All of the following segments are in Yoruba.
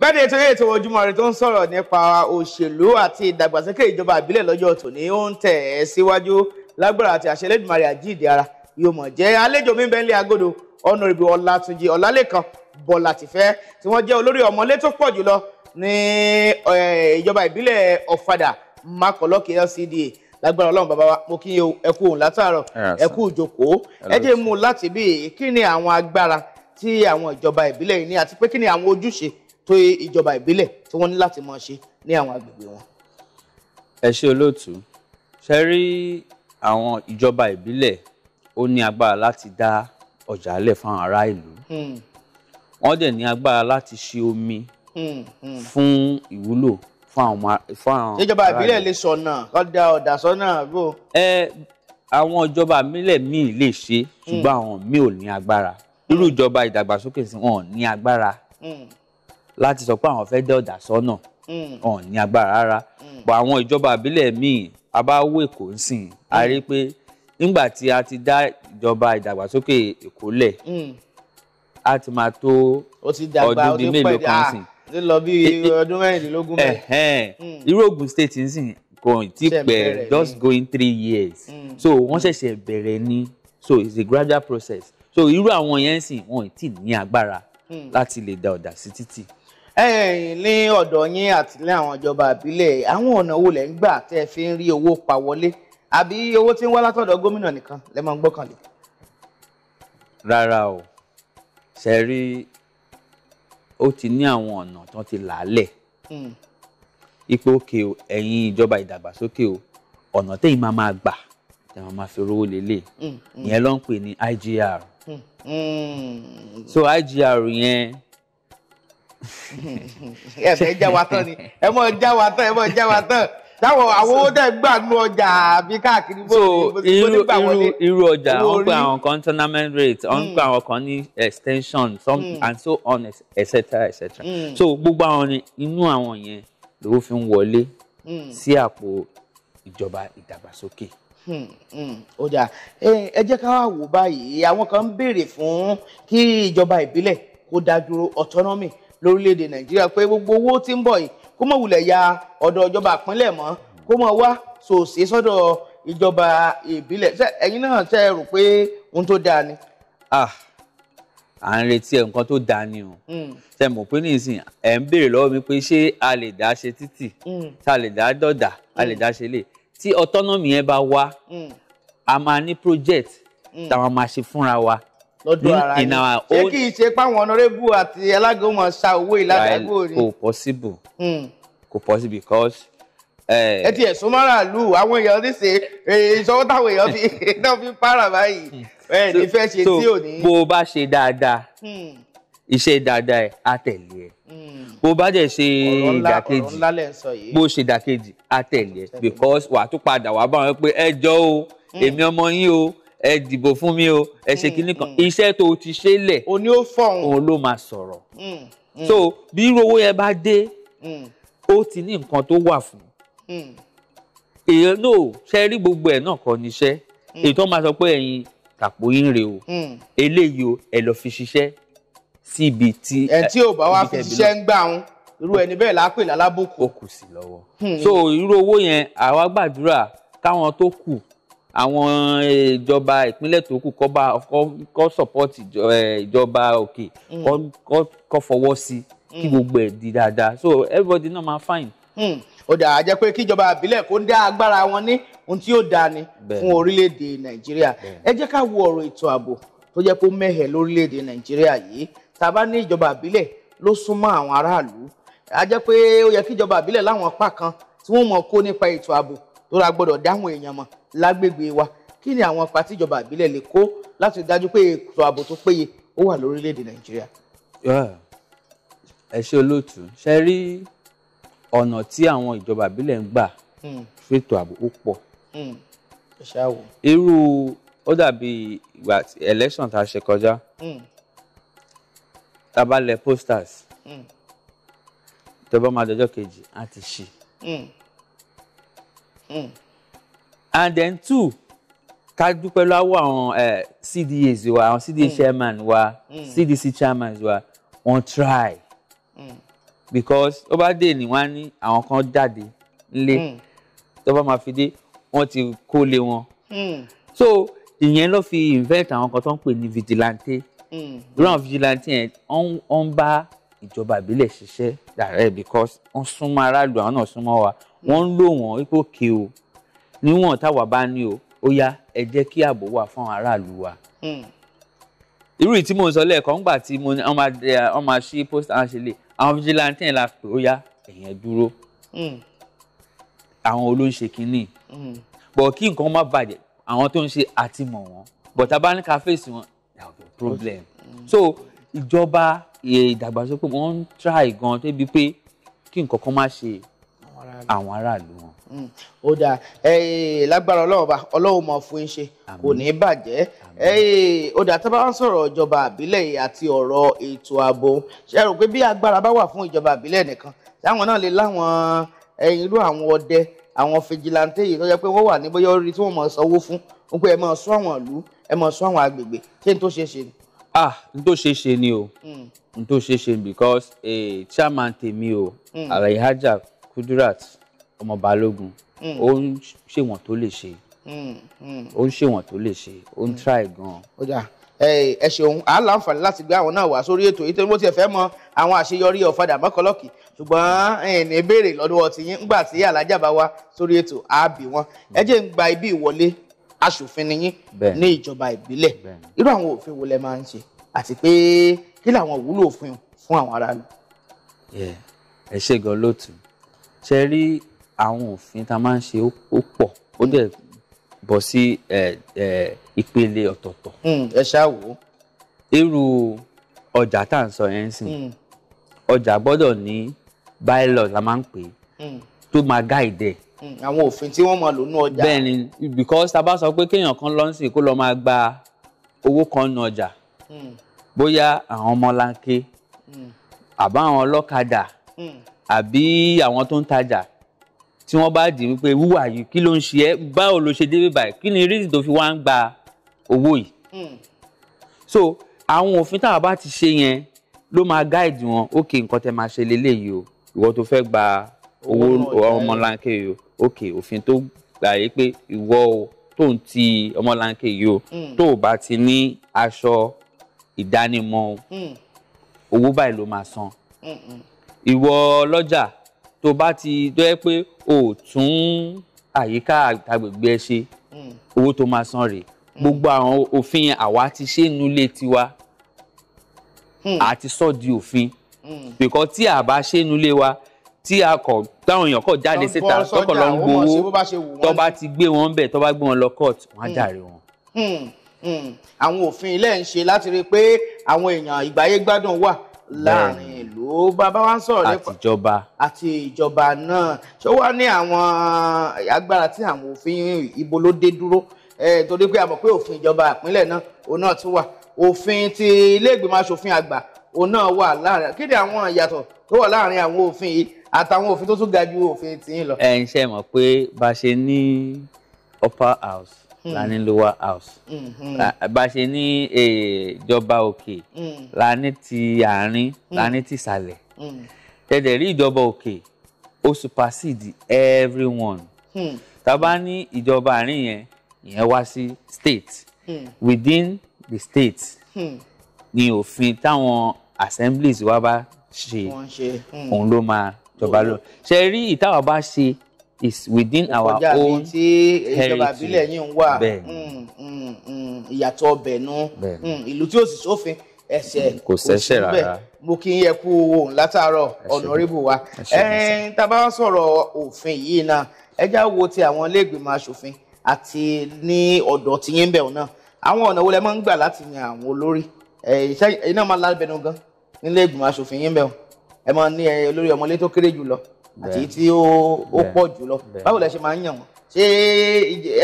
bẹ́ẹ̀ni ètò eré ètò Ojúmọ́ Ire tó ń sọ̀rọ̀ nípa òṣèlú àti ìdàgbàsókè ìjọba ìbílẹ̀ lọ́jọ́ tòní ó ń tẹ̀ ẹ́ síwájú lágbára àti àṣẹ àjíǹde ara yóò mọ̀ jẹ́ àlejò mi bẹ́ẹ̀ lé agodo ọ̀nàrìbì ọ̀làtúnjì ọ̀làlẹ́kan bọ̀làtìfẹ́ tí wọ́n jẹ́ olórí ọmọlé tó pọ̀ jùlọ ní ìjọba ìbílẹ̀ ọ̀fadà makọ̀lọ́kì LCDA lágbára ọlọ́run bàbá wa mo kí yín o ẹ kú òun látàárọ̀ ẹ kú ìjókòó ẹ jẹ́ mú láti bí kí ni àwọn agbára tí àwọn ìjọba ìbílẹ̀ yìí ní àti pé kí ni àwọn ojúṣe tó ìjọba ìbílẹ̀ tí wọ́n ní láti máa ṣe ní àwọn agbègbè wọn. ẹ ṣe olóòtú ṣe rí àwọn ìjọba ìbílẹ̀ ó ní agbára láti dá ọjà lẹ̀ fáwọn ará ìlú hmm. wọ́n dẹ̀ ní agbára láti ṣe omi hmm, hmm. fún ìwúlò fún àwọn. ìjọba ìbílẹ̀ lè sọ̀nà ọ̀dà ọ̀dà sọ́nà bò. ẹ àwọn ìjọba mílẹ̀ míì lè ṣe ṣùgbọ́n àwọn míì ò ní agbára irú ìjọba ìdàgbàsókè sí wọn ò ní agbára láti sọ pé àwọn fẹ́ dẹ́ ọ̀dà sọ́nà mm. ọ̀n ní agbára rárá mm. bọ̀ àwọn ìjọba àbílẹ̀ míì a bá wò èkó ń sìn a rí pé nígbà tí a ti dá ìjọba ìdàgbàsókè èkó lẹ̀ mm. a ti máa tó ọdún bíi mélòó kan ah, sìn ló lọ bí eh, eh, ọdún mẹ́rìndínlógún mẹ́rin. irú Ògùn state ń sìn kò tí pẹ́ just going three years so wọ́n ṣẹ̀ṣẹ̀ bẹ̀rẹ̀ ni so it's a gradual process so irú àwọn yẹn ń sìn wọn ì tí ní agbára láti lè da ọ̀dà sí títì ní ọ̀dọ̀ yín àti ní àwọn ìjọba ìbílẹ̀ àwọn ọ̀nà wo lẹ̀ ń gbà tẹ́ ẹ fi ń rí owó pa wọlé àbí owó tí ń wá látọ̀dọ̀ gómìnà nìkan lẹ́ máa ń gbọ́kànlé. rárá o ṣe rí ó ti ní àwọn ọ̀nà tó ti làálẹ̀ ipò hmm. òkè o ẹ̀yin ìjọba ìdàgbàsókè o ọ̀nà tẹ́yìn máa máa gbà tẹ́ máa máa fi rówó lélẹ̀ hmm, hmm. ìyẹn ló ń pè ní IGR so IGR yẹn ẹ fẹ́ já wa tán ni ẹ mọ̀ já wa tán ẹ mọ̀ já wa tán táwọn àwọn owó tẹ̀ gbà nú ọjà àbí káàkiri bó ní gbà wọlé. irú ọjà wọ́n gba àwọn kan tournament rate wọ́n gba hmm. àwọn kan ní extension some hmm. and so on etc etc hmm. so gbogbo àwọn ni inú àwọn yẹn lówó fi ń wọlé sí àpò ìjọba ìdàgbàsókè ó dáa ẹ jẹ́ ká wá wò báyìí àwọn kan ń béèrè fún kí ìjọba ìbílẹ̀ kó dá dúró autonomy lórílẹ̀‐èdè nàìjíríà pé gbogbo owó tí ń bọ̀ yìí kó mọ̀ wulẹ̀ ya ọ̀dọ̀ ìjọba àpínlẹ̀ mọ́ kó mọ̀ wá sòsì sọ́dọ̀ ìjọba ìbílẹ̀ ẹ̀yin náà tẹ́ ẹ rò pé ohun tó dáa ni. Ah, à ń retí ẹ nǹkan tó dáa ni o tẹ hmm. mọ̀ pé nísìnyí ẹ ń béèrè lọ́wọ́ mi pé ṣé a lè dá ṣe títì tá hmm. a lè dá dọ̀dà a lè hmm. dá ṣe lè tí autonomy yẹn bá wá a máa ní project táwọn máa ṣe fúnra wa lọ́dọ̀ ara yìí ṣé kì í ṣe páwọn ọ̀nàrẹ́bù àti alága wọn ṣá owó ìlàdàgbò rí. kò possible hmm. kò possible because. Eh, ẹ ti ẹ̀sùn máràlú àwọn èèyàn ti ṣe eh, ìṣọwọ́ táwọn èèyàn fi náà fi para báyìí hmm. ẹ ní fẹ́ ṣe tí ò ní. bó o bá ṣe dáadáa hmm. iṣẹ́ dáadáa ẹ̀ á tẹ̀lé ẹ̀ bó bá dẹ̀ ṣe ìdàkejì bó ṣe ìdàkejì á tẹ̀lé ẹ̀ because wà á tún padà wà á bá wọn pé ẹ jọ o èmi ọmọ yín o ẹ dìbò fún mi o ẹ ṣe hmm, kinní kan hmm. iṣẹ́ tó ti ṣe lẹ̀ òní ó fọ̀hún òun ló máa sọ̀rọ̀ hmm, so bí irú owó yẹn bá dé ó ti ní nǹkan tó wà fún èèyàn náà ṣe rí gbogbo ẹ̀ náà kọ́ níṣẹ́ èyí tó máa sọ pé ẹ̀yin tàpó yín rèé o eléyìí o ẹ lọ fi ṣiṣẹ́ síbi tí ẹ tí ò bá wá fi ṣiṣẹ́ ń gbà ń irú ẹni bẹ́ẹ̀ lápè lálábùkù. ó kù sí lọ́wọ́ so irú owó yẹn àwa gbàdúrà káwọn tó kù àwọn eh, ìjọba ìpínlẹ̀ tó kù kọ́ bá kọ́ support eh, ìjọba òkè mm. kọ́ fọwọ́ sí kí mm. gbogbo ẹ̀ di dáadáa so everybody náà máa fine. Mm. ó dàá jẹ́ pé kíjọba àbílẹ̀ kó dá agbára wọn ní ohun tí yóò dáa ni fún orílẹ̀-èdè nàìjíríà ẹ jẹ́ ká wo ọ̀rọ̀ ètò ààbò tó jẹ́ kó mẹ́hẹ̀ lórílẹ̀-èdè nàìjíríà yìí tá a bá ní ìjọba àbílẹ̀ ló súnmọ́ àwọn aráàlú a jẹ́ pé ó yẹ kíjọba àbílẹ̀ láwọn apá kan tí wọ́n mọ̀ kó nípa ètò ààbò tó ra gbọ́dọ̀ dáhùn èèyàn mọ̀ lágbègbè wa kí ni àwọn ipa tíjọba ìbílẹ̀ lè kó láti dájú pé ètò ààbò tó péye ó wà lórílẹ̀‐èdè nàìjíríà. ẹ ṣe olóòtú ṣe rí ọ̀nà tí àwọn ìjọba ìbílẹ̀ ń gbà fètò hmm. ààbò ó pọ̀ hmm. irú ó dàbí ìgbà election tá a ṣe kọjá hmm. tá posters tẹ́ bá máa dọjọ́ kejì á ti and then two ká dúpẹ́ lọ́wọ́ àwọn eh, cdas wa àwọn cda hmm. chairman wa cdc hmm. chairman wa wọ́n try hmm. because ó bá dé ní wọ́n á ní àwọn kan jáde nílé tó bá máa fi dé wọ́n ti kó lé wọn so ìyẹn ló fi invent àwọn kan tó ń pè ní vigilante ground vigilante yẹn ó ń bá ìjọba ìbílẹ̀ ṣiṣẹ́ dàrẹ́ because wọ́n súnmọ́ aráàlú àwọn náà súnmọ́ wa wọ́n ń lò wọ́n wípé òkè o níwọ̀n táwa bá ní o ó yá ẹ jẹ́ kí ààbò wà fún aráàlú wa. Hmm. irú tí mo sọ lẹ́ẹ̀kan gbà tí mo ní wọ́n máa ṣí post and ṣe àwọn vigilante la pè ó yá ẹ̀yẹn dúró hmm. àwọn olóńṣe kínní hmm. bọ̀ kí nǹkan má bàjẹ́ àwọn tó ń ṣe àtìmọ̀ wọn bọ̀ tá a bá ní ká fèsì wọn problem so ìjọba ìdàgbàsókè wọn ń try gan débi pé kí nǹkan kan má ṣe àwọn aráàlú wọn. Mm. ó da, lágbára ọlọ́run bá ọlọ́run mọ̀ fún iṣẹ́ kò ní bàjẹ́ ó dáa tá a bá ń sọ̀rọ̀ ìjọba àbílẹ̀ àti ọ̀rọ̀ ètò ààbò ṣe rò pé bí agbára bá wà fún ìjọba àbílẹ̀ nìkan táwọn náà lè láwọn irú àwọn ọdẹ àwọn fìjìláńtẹ yìí tó jẹ́ pé wọ́n wà ní bóyá orí tí wọ́n máa sanwó fún wọn pé ẹ máa ṣọ́ àwọn ìlú ẹ máa ṣọ́ àwọn agbègbè ṣé n tó ṣeé ṣe ni. ah n tó ṣeé ṣe ni o mm. n tó ṣeé ṣe because eh, chairman tèmi o mm. Alhaja Kudirat ọmọ balógun mm. ó ń ṣèwọ̀n mm, mm. tó lè ṣe ó ń ṣèwọ̀n tó lè ṣe ó ń try gan. ó dà ẹ ṣeun à ń láǹfààní láti gbé àwọn náà wá sórí ètò yìí torí bó tiẹ̀ fẹ́ mọ àwọn àṣeyọrí ọ̀fadà mọ́kànlọ́kì ṣùgbọ́n ẹ̀ẹ́nì béèrè lọ́dún ọtí yín ńgbà tí alájà bá wá sórí ètò ààbì wọn ẹ jẹ́ ń gba ibi ìwọlé aṣòfin ni yín ní ìjọba ìbílẹ̀ irú àwọn òfin wo lẹ máa ń ṣe àti pé kí làwọn wúlò òfin fún àwọn aráàlú. ẹ ṣe gan lótú ṣe rí àwọn òfin tá a máa ń ṣe ó pọ̀ ó dẹ̀ bọ́ sí ìpele ọ̀tọ̀ọ̀tọ̀. Hmm, ẹ ṣáà wò ó. irú ọjà tá à ń sọ yẹn sìn hmm. ọjà gbọ́dọ̀ ní bylaw la máa ń pè é hmm. tó máa guide àwọn òfin tí wọ́n máa lò nú ọjà. bẹ́ẹ̀ ni because tá a bá sọ pé kéèyàn kan lọ sí kó lọ máa gba owó kan nú ọjà bóyá àwọn ọmọlanke àbá àwọn ọlọ́kadà àbí àwọn tó ń tajà tí wọ́n bá dì wípé wúwà yìí kí ló ń ṣe ẹ́ báwo ló ṣe débí báyìí kí ni reason tó fi wá ń gba owó yìí. Hmm. so àwọn òfin táwọn bá ti ṣe yẹn ló máa guide wọn ok nǹkan tẹ máa ṣe leléyìí o ìwọ tó fẹ́ gba owó ọmọlanke yìí o ok òfin tó gbà yìí pé ìwọ tó ń ti ọmọlanke yìí o hmm. tó o bá ti ní aṣọ ìdánimọ̀ hmm. owó báyìí ló máa san ìwọ ọlọ́jà tó bá ti tó pé o tún àyíká àgbègbè ẹ ṣe hmm. owó tó máa san rèé hmm. gbogbo àwọn òfin àwa ti ṣe nulẹ̀ tiwa àti hmm. sọ di òfin because tí a bá ṣe nulẹ̀ wa tí a kọ táwọn èèyàn kọ jáde síta tọkọ lọ ń gbowó tó bá ti gbé wọn bẹ tó bá gbé wọn lọ court wọn á jàre wọn. àwọn òfin ilé ń ṣe láti rí i pé àwọn èèyàn ìgbáyé gbádùn wà láàrin ìlú bàbá wa ń sọ̀rọ̀ nípa àtijọba àti ìjọba náà ṣé wọ́n ní àwọn agbára tí àwọn òfin ibo ló dé dúró torí pé a mọ̀ pé òfin ìjọba ìpínlẹ̀ náà òun náà tún wà òfin ti ilé ìgbìmọ̀ asòfin àgbà òun náà wà láàrin kí ni àwọn ìyàtọ̀ tó wà láàrin àwọn òfin yìí àtàwọn òfin tó tún ga ju òfin tìyín lọ. ẹ ń ṣe mọ̀ pé bá a ṣe ní upper house la mm. ní lower house mm-hmm. bá a ṣe ní eh, ìjọba òkè mm. la ní ti àárín la mm. ní ti ìsàlẹ̀ tẹ̀dẹ̀ rí ìjọba òkè ó supersede everyone mm. tá a bá ní ìjọba àárín yẹn ìyẹn wá sí state within the state mm. ni òfin táwọn assemblies wa bá ṣe òun ló máa jọba lọ ṣe rí ìtawà bá ṣe is within our own heritage bẹ́ẹ̀ mm, mm, mm, ìyàtọ̀ ọbẹ̀ nu ìlú tí ó sì sófin ẹsẹ̀ kò sẹ́sẹ̀ rárá mo kí n yẹ kú owó látàárọ̀ ọ̀nàrẹ́bù wa tá sọ̀rọ̀ òfin yìí náà ẹ wo ti àwọn ilé ìgbìmọ̀ asòfin àti ní ọ̀dọ̀ tí yín bẹ̀rù náà àwọn ọ̀nà wo lẹ máa ń gbà láti yan àwọn olórí iná máa lábẹnu gan nílé ìgbìmọ̀ asòfin yín bẹ̀rù ẹ máa ní olórí ọmọlé tó kéré jù àti tí ó ó pọ̀ jùlọ báwo lẹ ṣe máa ń yàn wọ́n ṣé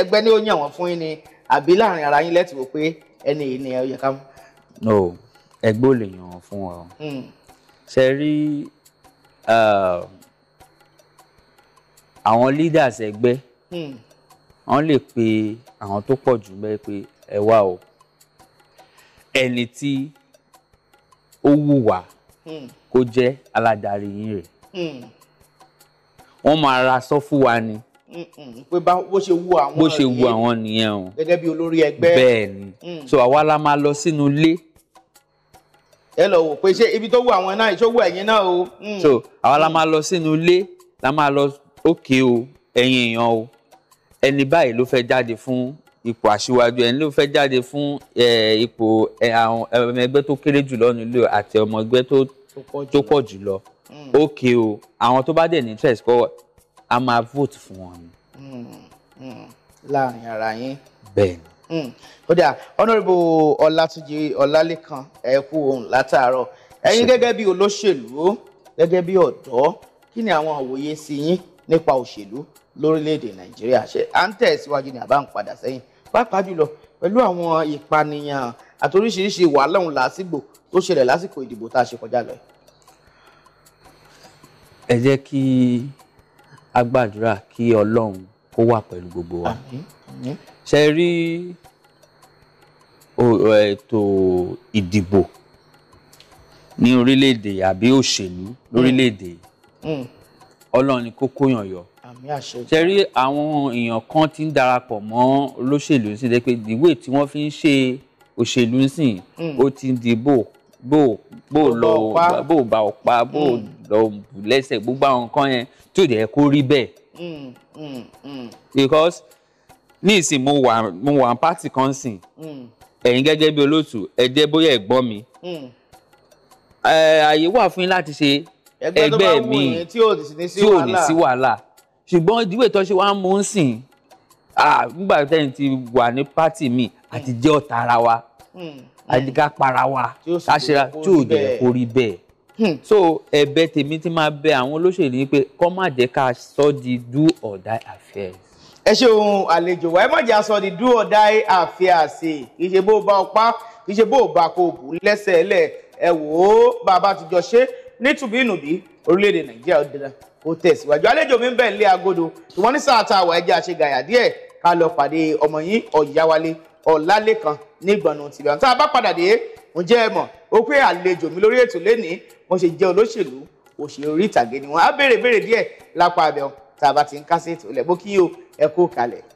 ẹgbẹ́ ni ó yàn wọ́n fún yín ni àbí láàrin ara yín lẹ́tì pé ẹni yìí ni ẹ yẹ ká mú. no ẹgbẹ́ ò lè yàn wọ́n fún ọ hmm. ṣe rí àwọn leaders ẹgbẹ́ hmm. wọ́n lè pe àwọn tó pọ̀ jù bẹ́ẹ̀ pé ẹ wá o ẹni tí ó wù wá hmm. kó jẹ́ aládarí yín rèé wọ́n máa ra sọ fún wa ni. pé bó ṣe wu àwọn bó ṣe wu àwọn nìyẹn o. gẹ́gẹ́ bí olórí ẹgbẹ́. bẹ́ẹ̀ ni mm. so àwa la máa lọ sínú ilé. ẹ lọ wò pé ṣé ibi tó wu àwọn náà ṣó wu ẹ̀yin náà o. Mm. so àwa la máa lọ sínú ilé la máa lọ òkè o ẹ̀yin èèyàn o ẹni báyìí ló fẹ́ jáde fún ipò aṣíwájú ẹni ló fẹ́ jáde fún ipò àwọn ọmọ ẹgbẹ́ tó kéré jùlọ nílò àti ọmọ ẹgbẹ́ tó pọ̀ jùlọ. Mm. ok o àwọn tó bá dẹ̀ ní interest kọ́ a máa vote fún wọn ni. Mm, mm. láàrin ara yín. bẹ́ẹ̀ni. ó dà honourable ọlátúnjì ọlálẹ́kan ẹ kú ohun látàárọ̀ ẹ̀yin gẹ́gẹ́ bí olóṣèlú gẹ́gẹ́ bí ọ̀dọ́ kí ni àwọn àwòye sí yín nípa òṣèlú lórílẹ̀‐èdè nàìjíríà ṣe à ń tẹ̀síwájú ni àbá ń padà sẹ́yìn pàápàá jùlọ pẹ̀lú àwọn ìpànìyàn àti oríṣiríṣi wàhálà òun làásìgbò tó ṣẹlẹ̀ lásìkò ìdìbò tá a ṣe kọjá lọ ẹ jẹ́ kí a gbàdúrà kí ọlọ́run kó wà pẹ̀lú gbogbo wa ṣe rí ètò ìdìbò ní orílẹ̀-èdè àbí òṣèlú lórílẹ̀-èdè mm, mm. ọlọ́run ni kó kóyàn yọ ṣe rí àwọn èèyàn kan ti ń darapọ̀ mọ́ olóṣèlú sí i pé ìwé tí wọ́n fi ń ṣe òṣèlú nísìnyí mm. ó ti ń dìbò bó bó lọ bó bá ọ̀pá bó mm. lọ bù lẹ́sẹ̀ gbogbo àwọn nǹkan yẹn tó jẹ́ kó rí bẹ́ẹ̀. Mm, mm, because ní ìsìn mo wà mo wà pátì kan sìn ẹ̀yin gẹ́gẹ́ bí olóòtú ẹ jẹ́ bóyá ẹ̀gbọ́n mi ààyè wà fún yín láti ṣe ẹgbẹ́ mi tí ò ní sí wàhálà ṣùgbọ́n ìdíwé tó ṣe wá mú un sìn nígbà tẹ́yìn ti wà ní pátì mi àti jẹ́ ọ̀tá ara wa àdìgá para wa ká ṣe ra tí ò jẹ́ kó rí bẹ́ẹ̀ hmm. so ẹ̀bẹ̀ tèmi ti máa bẹ àwọn olóṣèlú ni pé kó má jẹ́ ká sọ di do or die affairs. ẹ ṣeun àlejò wa ẹ má jẹ́ aṣọ di do or die affairs kì í ṣe bó bá ọpá kì í ṣe bó bá kó bù lẹ́sẹ̀ lẹ̀ ẹ wò ó bàbá ti jọ ṣe nítùbí ìnùbí orílẹ̀-èdè nàìjíríà ó dẹ̀ra ó tẹ̀síwájú àlejò mi ń bẹ̀ lé agodo ṣùgbọ́n ní sáà tá a wà ẹjẹ́ àṣegàyà díẹ̀ ká lọ pàdé ọmọ yín ọ̀yáwálé ọ̀làlẹ́kan ní ìgbọ̀nù tìbíà tá a bá padà dé ǹjẹ́ ẹ mọ̀ ó pé àlejò mi lórí ètò lẹ́ni wọ́n ṣe jẹ́ olóṣèlú òṣèré orí ìtàgé ni wọ́n á béèrè béèrè díẹ̀ lápá abẹ́ wọn tá a bá ti ń kásẹ̀ ètò ilẹ̀ bó kí o ẹ kú kalẹ̀.